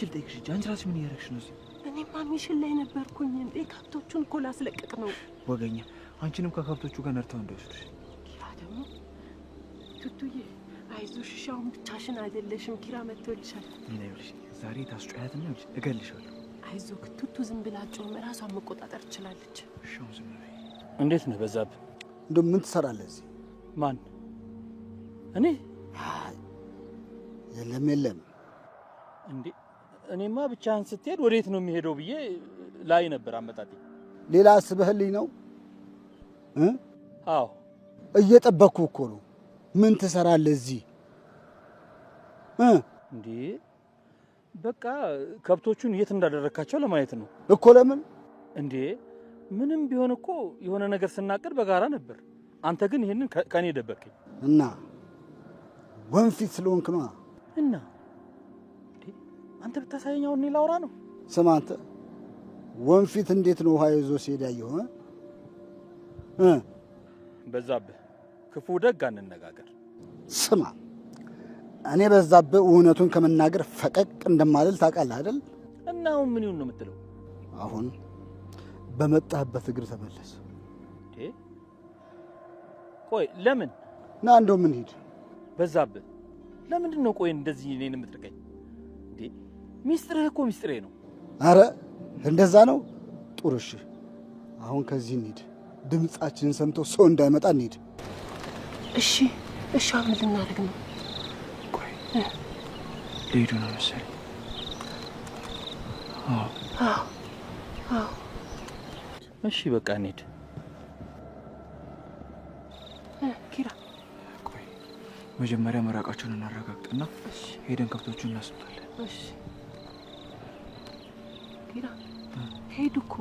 አንቺ ልጠይቅሽ እንጂ አንቺ ራስሽ ምን እያደረግሽ ነው እዚህ? እኔማ ሚሽን ላይ ነበርኩኝ እንዴ። ከብቶቹን እኮ ላስለቅቅ ነው። ወገኛ አንቺንም ከከብቶቹ ጋር ነርተው እንዳይወስዱሽ። ኪራ ደግሞ ቱቱዬ፣ አይዞሽ ሻውን ብቻሽን አይደለሽም። ኪራ መጥቶልሻል። ምን ይኸውልሽ፣ ዛሬ ታስጮያትና ይኸውልሽ እገልሻለሁ። አይዞህ ቱቱ፣ ዝም ብላ ጮም ራሷን መቆጣጠር ትችላለች። ሻውን ዝም ብላ እንዴት ነህ በዛብ? እንደው ምን ትሰራለህ እዚህ? ማን እኔ? የለም የለም እንዴ እኔማ ብቻህን ስትሄድ ወዴት ነው የሚሄደው ብዬ ላይ ነበር አመጣጤ። ሌላ አስበህልኝ ነው? አዎ እየጠበቅኩ እኮ ነው። ምን ትሰራለህ እዚህ እንዴ? በቃ ከብቶቹን የት እንዳደረካቸው ለማየት ነው እኮ። ለምን እንዴ? ምንም ቢሆን እኮ የሆነ ነገር ስናቅድ በጋራ ነበር። አንተ ግን ይሄንን ከኔ ደበቅኝ እና ወንፊት ስለሆንክ ነዋ እና አንተ ብታሳየኝ አሁን እኔ ላውራ ነው። ስማ አንተ ወንፊት እንዴት ነው ውሃ ይዞ ሲሄድ ያየው? በዛብህ ክፉ ደግ አንነጋገር። ስማ እኔ በዛብህ እውነቱን ከመናገር ፈቀቅ እንደማልል ታውቃለህ አይደል? እና አሁን ምን ይሁን ነው የምትለው? አሁን በመጣህበት እግር ተመለስ። ቆይ ለምን ና እንደው ምን ሂድ። በዛብህ ለምንድን ነው ቆይ እንደዚህ እኔን የምትርቀኝ? ሚስጥርህ እኮ ሚስጥሬ ነው። አረ እንደዛ ነው። ጥሩ እሺ፣ አሁን ከዚህ እንሂድ። ድምፃችንን ሰምቶ ሰው እንዳይመጣ እንሂድ። እሺ፣ እሺ። አሁን ልናደርግ ነው። ቆይ ሊሄዱ ነው መሰለኝ። እሺ፣ በቃ እንሂድ። ኪራ፣ ቆይ መጀመሪያ መራቃቸውን እናረጋግጥና ሄደን ከብቶቹን እናስባለን። እሺ ቢራ ሄዱ እኮ።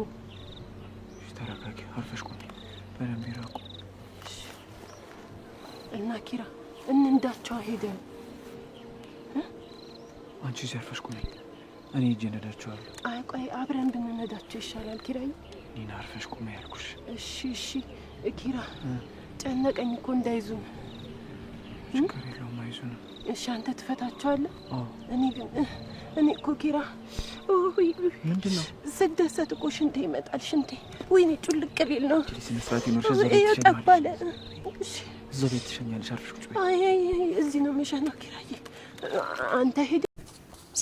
ተረጋጊ፣ አርፈሽ ቁሚ። በደንብ ይራቁ እና ኪራ እንንዳቸው ሄደን አንቺ እዚህ አርፈሽ ቁሚ፣ እኔ ሂጅ እነዳቸዋለሁ። አይ ቆይ አብረን ብንነዳቸው ይሻላል። ኪራይ እኔን አርፈሽ ቁሚ ያልኩሽ። እሺ እሺ። ኪራ ጨነቀኝ እኮ እንዳይዙን። ችግር የለውም አይዙንም። እሺ አንተ ትፈታቸዋለህ። እኔ ግን እኔ እኮ ኪራ ምንድን ነው ስደሰት እኮ ሽንቴ ይመጣል። ሽንቴ ወይኔ ጩልቅ ነው። ጠባለ ቤት ትሸኛለሽ። እዚህ ነው ኪራዬ፣ አንተ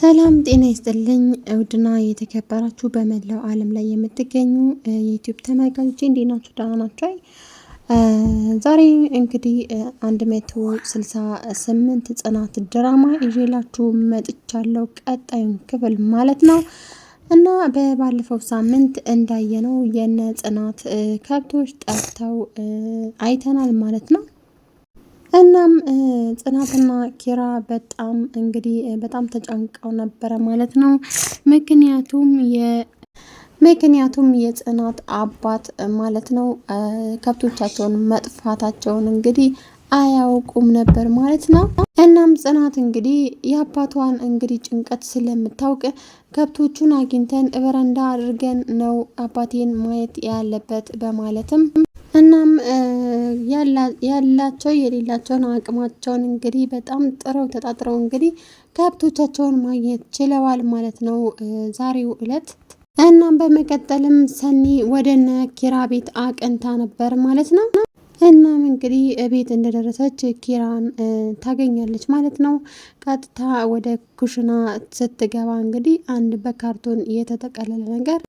ሰላም ጤና ይስጥልኝ። እውድና የተከበራችሁ በመላው ዓለም ላይ የምትገኙ የዩቲዩብ ተመልካቾች እንዴት ናችሁ? ደህና ናችሁ? ዛሬ እንግዲህ አንድ መቶ ስልሳ ስምንት ጽናት ድራማ ይዤላችሁ መጥቻለሁ። ቀጣዩን ክፍል ማለት ነው እና በባለፈው ሳምንት እንዳየነው የነ ጽናት ከብቶች ጠፍተው አይተናል ማለት ነው። እናም ጽናትና ኪራ በጣም እንግዲህ በጣም ተጨንቀው ነበረ ማለት ነው። ምክንያቱም ምክንያቱም የጽናት አባት ማለት ነው ከብቶቻቸውን መጥፋታቸውን እንግዲህ አያውቁም ነበር ማለት ነው። እናም ጽናት እንግዲህ የአባቷን እንግዲህ ጭንቀት ስለምታውቅ ከብቶቹን አግኝተን በረንዳ አድርገን ነው አባቴን ማየት ያለበት በማለትም እናም ያላቸው የሌላቸውን አቅማቸውን እንግዲህ በጣም ጥረው ተጣጥረው እንግዲህ ከብቶቻቸውን ማግኘት ችለዋል ማለት ነው ዛሬው እለት እናም በመቀጠልም ሰኒ ወደነ ኪራ ቤት አቅንታ ነበር ማለት ነው። እናም እንግዲህ ቤት እንደደረሰች ኪራን ታገኛለች ማለት ነው። ቀጥታ ወደ ኩሽና ስትገባ እንግዲህ አንድ በካርቶን የተጠቀለለ ነገር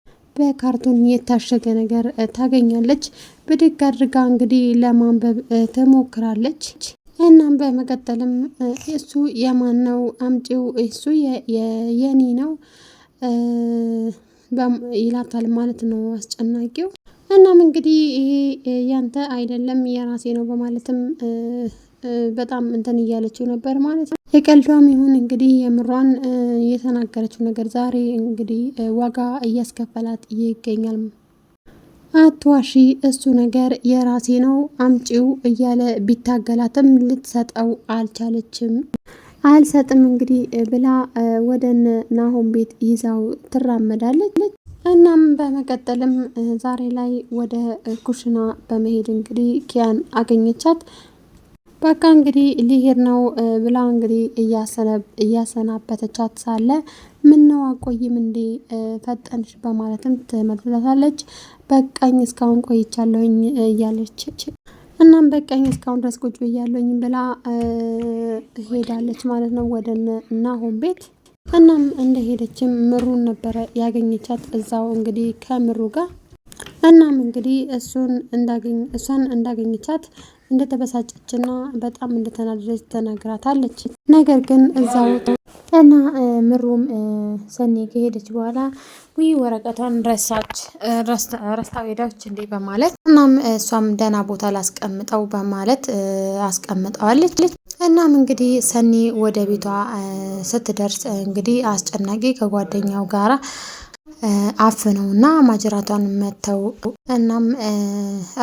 በካርቶን የታሸገ ነገር ታገኛለች። ብድግ አድርጋ እንግዲህ ለማንበብ ትሞክራለች። እናም በመቀጠልም እሱ የማን ነው አምጪው? እሱ የኔ ነው ይላታል ማለት ነው አስጨናቂው። እናም እንግዲህ ይሄ ያንተ አይደለም የራሴ ነው በማለትም በጣም እንትን እያለችው ነበር ማለት ነው። የቀልዷም ይሁን እንግዲህ የምሯን የተናገረችው ነገር ዛሬ እንግዲህ ዋጋ እያስከፈላት ይገኛል። አትዋሺ፣ እሱ ነገር የራሴ ነው አምጪው እያለ ቢታገላትም ልትሰጠው አልቻለችም። አልሰጥም እንግዲህ ብላ ወደ ናሆም ቤት ይዛው ትራመዳለች። እናም በመቀጠልም ዛሬ ላይ ወደ ኩሽና በመሄድ እንግዲህ ኪያን አገኘቻት። በቃ እንግዲህ ሊሄድ ነው ብላ እንግዲህ እያሰናበተቻት ሳለ ምነው አቆይም እንዴ ፈጠንሽ በማለትም ትመልሳታለች። በቃኝ እስካሁን ቆይቻለሁኝ እያለች እናም በቃኝ እስካሁን ድረስ ቁጭ ብያለሁኝ ብላ ሄዳለች ማለት ነው ወደ ናሆም ቤት። እናም እንደሄደችም ምሩን ነበረ ያገኘቻት እዛው እንግዲህ ከምሩ ጋር እናም እንግዲህ እሱን እንዳገኝ እሷን እንዳገኘቻት እንደተበሳጨችና በጣም እንደተናደደች ተነግራታለች። ነገር ግን እዛው እና ምሩም ሰኔ ከሄደች በኋላ ውይ ወረቀቷን ረሳች ረስታው ሄዳች እንዴ በማለት እናም እሷም ደህና ቦታ ላስቀምጠው በማለት አስቀምጠዋለች። እናም እንግዲህ ሰኔ ወደ ቤቷ ስትደርስ እንግዲህ አስጨናቂ ከጓደኛው ጋራ እና ማጅራቷን መተው እናም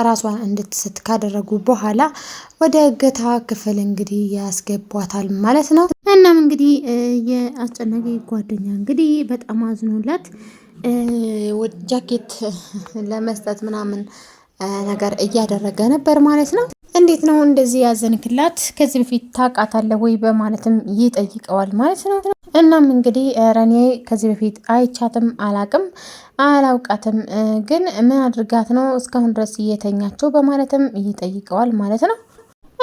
ራሷን እንድትስት ካደረጉ በኋላ ወደ እገታ ክፍል እንግዲህ ያስገቧታል ማለት ነው። እናም እንግዲህ የአስጨናቂ ጓደኛ እንግዲህ በጣም አዝኖላት ጃኬት ለመስጠት ምናምን ነገር እያደረገ ነበር ማለት ነው። እንዴት ነው እንደዚህ ያዘንክላት? ከዚህ በፊት ታውቃታለህ ወይ? በማለትም ይጠይቀዋል ማለት ነው። እናም እንግዲህ ረኔ ከዚህ በፊት አይቻትም አላቅም አላውቃትም ግን ምን አድርጋት ነው እስካሁን ድረስ እየተኛቸው በማለትም ይጠይቀዋል ማለት ነው።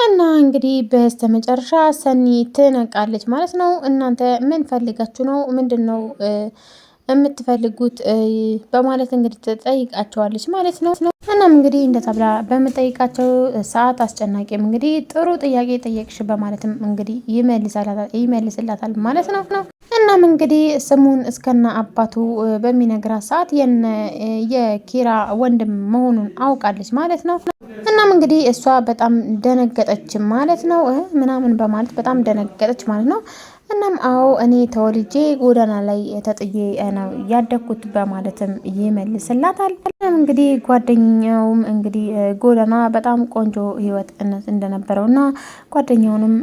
እና እንግዲህ በስተ መጨረሻ ሰኒ ትነቃለች ማለት ነው። እናንተ ምን ፈልጋችሁ ነው? ምንድን ነው የምትፈልጉት በማለት እንግዲህ ትጠይቃቸዋለች ማለት ነው። እናም እንግዲህ እንደ ተብላ በምጠይቃቸው ሰዓት አስጨናቂም እንግዲህ ጥሩ ጥያቄ ጠየቅሽ በማለትም እንግዲህ ይመልስላታል ማለት ነው። እናም እንግዲህ ስሙን እስከና አባቱ በሚነግራት ሰዓት የኪራ ወንድም መሆኑን አውቃለች ማለት ነው። እናም እንግዲህ እሷ በጣም ደነገጠች ማለት ነው። ምናምን በማለት በጣም ደነገጠች ማለት ነው። እናም አዎ እኔ ተወልጄ ጎዳና ላይ ተጥዬ ነው ያደግኩት በማለትም ይመልስላታል። እንግዲህ ጓደኛውም እንግዲህ ጎዳና በጣም ቆንጆ ህይወት እንደነበረው እና ጓደኛውንም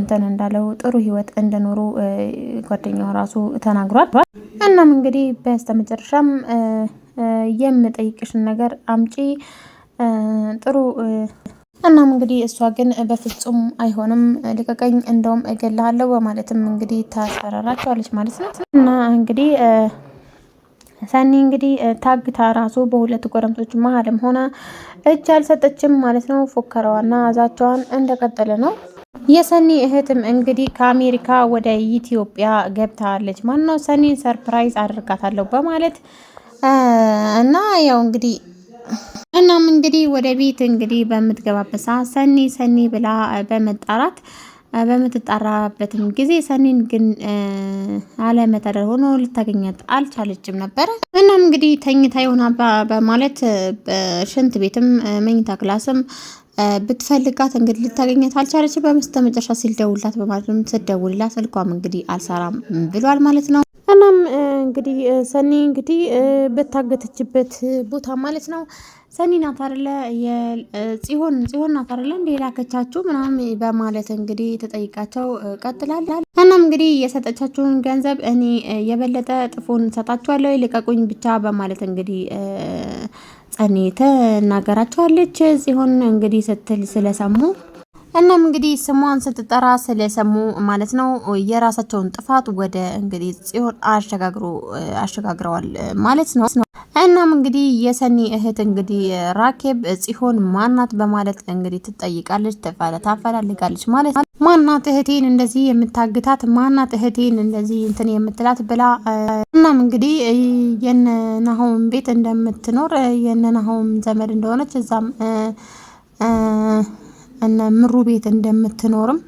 እንትን እንዳለው ጥሩ ህይወት እንደኖሩ ጓደኛው ራሱ ተናግሯል። እናም እንግዲህ በስተመጨረሻም የምጠይቅሽን ነገር አምጪ ጥሩ እናም እንግዲህ እሷ ግን በፍጹም አይሆንም ልቀቀኝ፣ እንደውም እገልሃለሁ በማለትም እንግዲህ ታስፈራራቸዋለች ማለት ነው። እና እንግዲህ ሰኒ እንግዲህ ታግታ ራሱ በሁለት ጎረምሶች መሀልም ሆነ እጅ አልሰጠችም ማለት ነው። ፉከራዋና አዛቸዋን እንደቀጠለ ነው። የሰኒ እህትም እንግዲህ ከአሜሪካ ወደ ኢትዮጵያ ገብታለች ማለት ነው። ሰኒን ሰርፕራይዝ አድርጋታለሁ በማለት እና ያው እንግዲህ እናም እንግዲህ ወደ ቤት እንግዲህ በምትገባበት ሰዓት ሰኒ ሰኒ ብላ በመጣራት በምትጣራበትም ጊዜ ሰኒን ግን አለመታደር ሆኖ ልታገኛት አልቻለችም ነበረ። እናም እንግዲህ ተኝታ ይሆና በማለት ሽንት ቤትም መኝታ ክላስም ብትፈልጋት እንግዲህ ልታገኘት አልቻለች። በምስተ መጨረሻ ሲልደውላት በማለት ነው ስትደውልላት ስልኳም እንግዲህ አልሰራም ብሏል ማለት ነው። እናም እንግዲህ ሰኒ እንግዲህ በታገተችበት ቦታ ማለት ነው ሰኒ ናት አይደለ የጽሆን ጽሆን ናት አይደለ እንደ ላከቻችሁ ምናምን በማለት እንግዲህ ተጠይቃቸው ቀጥላል። እናም እንግዲህ የሰጠቻችሁን ገንዘብ እኔ የበለጠ ጥፎን ሰጣችኋለሁ ልቀቁኝ ብቻ በማለት እንግዲህ ጸኒ ትናገራቸዋለች ጽዮን እንግዲህ ስትል ስለሰሙ እናም እንግዲህ ስሟን ስትጠራ ስለሰሙ ማለት ነው። የራሳቸውን ጥፋት ወደ እንግዲህ ጽዮን አሸጋግሮ አሸጋግረዋል ማለት ነው። እናም እንግዲህ የሰኒ እህት እንግዲህ ራኬብ ጽሆን ማናት በማለት እንግዲህ ትጠይቃለች፣ ታፈላልጋለች ማለት ነው። ማናት እህቴን እንደዚህ የምታግታት ማናት እህቴን እንደዚህ እንትን የምትላት ብላ እናም እንግዲህ የነናሆም ቤት እንደምትኖር የነናሆም ዘመድ እንደሆነች እዛም እነ ምሩ ቤት እንደምትኖርም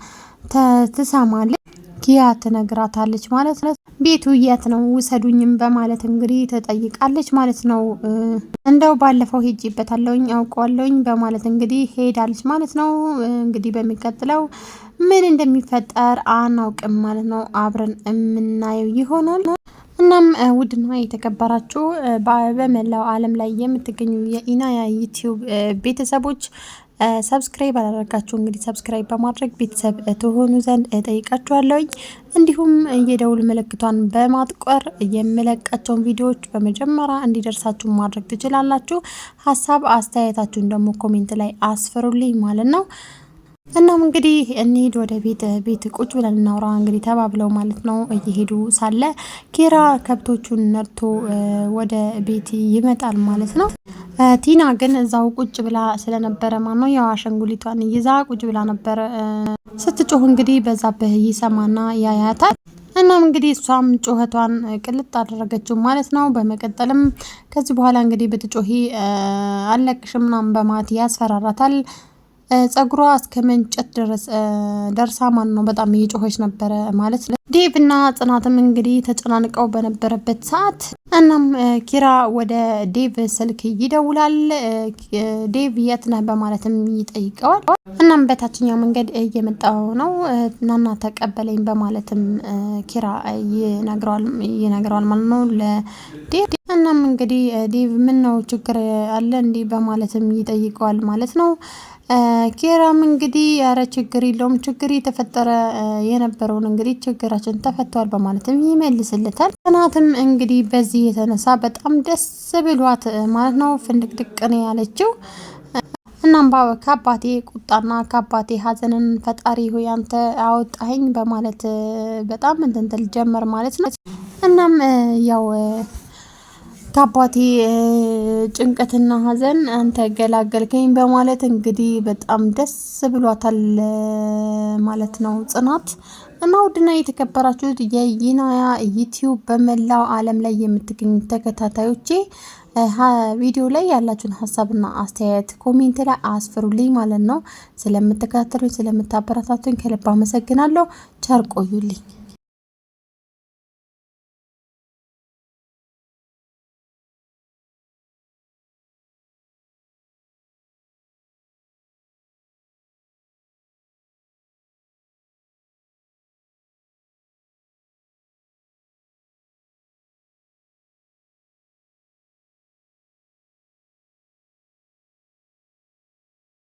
ትሰማለች። ኪያ ትነግራታለች ማለት ነው። ቤቱ የት ነው ውሰዱኝም በማለት እንግዲህ ተጠይቃለች ማለት ነው። እንደው ባለፈው ሄጄበታለሁኝ አውቀዋለውኝ በማለት እንግዲህ ሄዳለች ማለት ነው። እንግዲህ በሚቀጥለው ምን እንደሚፈጠር አናውቅም ማለት ነው። አብረን የምናየው ይሆናል። እናም ውድና የተከበራችሁ በመላው ዓለም ላይ የምትገኙ የኢናያ ዩቲዩብ ቤተሰቦች ሰብስክራይብ አላደረጋችሁ እንግዲህ ሰብስክራይብ በማድረግ ቤተሰብ ትሆኑ ዘንድ ጠይቃችኋለሁኝ። እንዲሁም የደውል ምልክቷን በማጥቆር የምለቃቸውን ቪዲዮዎች በመጀመሪያ እንዲደርሳችሁ ማድረግ ትችላላችሁ። ሀሳብ አስተያየታችሁን ደግሞ ኮሜንት ላይ አስፍሩልኝ ማለት ነው። እናም እንግዲህ እንሂድ ወደ ቤት ቤት ቁጭ ብለን እናውራ እንግዲህ ተባብለው ማለት ነው። እየሄዱ ሳለ ኪራ ከብቶቹን ነርቶ ወደ ቤት ይመጣል ማለት ነው። ቲና ግን እዛው ቁጭ ብላ ስለነበረ ነው ያው አሻንጉሊቷን ይዛ ቁጭ ብላ ነበረ ስትጮህ እንግዲህ በዛብህ ይሰማና ያያታል። እናም እንግዲህ እሷም ጩኸቷን ቅልጥ አደረገችው ማለት ነው። በመቀጠልም ከዚህ በኋላ እንግዲህ ብትጮሂ አለቅሽም ምናምን በማለት ያስፈራራታል። ጸጉሯ እስከ መንጨት ደርሳ ማን ነው በጣም እየጮኸች ነበረ ማለት ነው። ዴቭ እና ጽናትም እንግዲህ ተጨናንቀው በነበረበት ሰዓት እናም ኪራ ወደ ዴቭ ስልክ ይደውላል። ዴቭ የት ነህ በማለትም ይጠይቀዋል። እናም በታችኛው መንገድ እየመጣው ነው ናና ተቀበለኝ በማለትም ኪራ ይነግረዋል ማለት ነው ለዴቭ። እናም እንግዲህ ዴቭ ምን ነው ችግር አለ እንዲህ በማለትም ይጠይቀዋል ማለት ነው ኬራም እንግዲህ ያረ ችግር የለውም ችግር የተፈጠረ የነበረውን እንግዲህ ችግራችን ተፈቷል በማለትም ይመልስለታል። ጽናትም እንግዲህ በዚህ የተነሳ በጣም ደስ ብሏት ማለት ነው ፍንድቅድቅ ነው ያለችው። እናም ከአባቴ ቁጣና ከአባቴ ሀዘንን ፈጣሪ ሆይ አንተ አወጣኸኝ በማለት በጣም እንትንትል ጀመር ማለት ነው። እናም ያው ከአባቴ ጭንቀትና ሐዘን አንተ ገላገልከኝ በማለት እንግዲህ በጣም ደስ ብሏታል ማለት ነው ጽናት። እና ውድና የተከበራችሁት የይናያ ዩቲዩብ በመላው ዓለም ላይ የምትገኙ ተከታታዮቼ ቪዲዮ ላይ ያላችሁን ሀሳብና አስተያየት ኮሜንት ላይ አስፍሩልኝ ማለት ነው። ስለምትከታተሉኝ ስለምታበረታቱኝ ከልብ አመሰግናለሁ። ቸር ቆዩልኝ።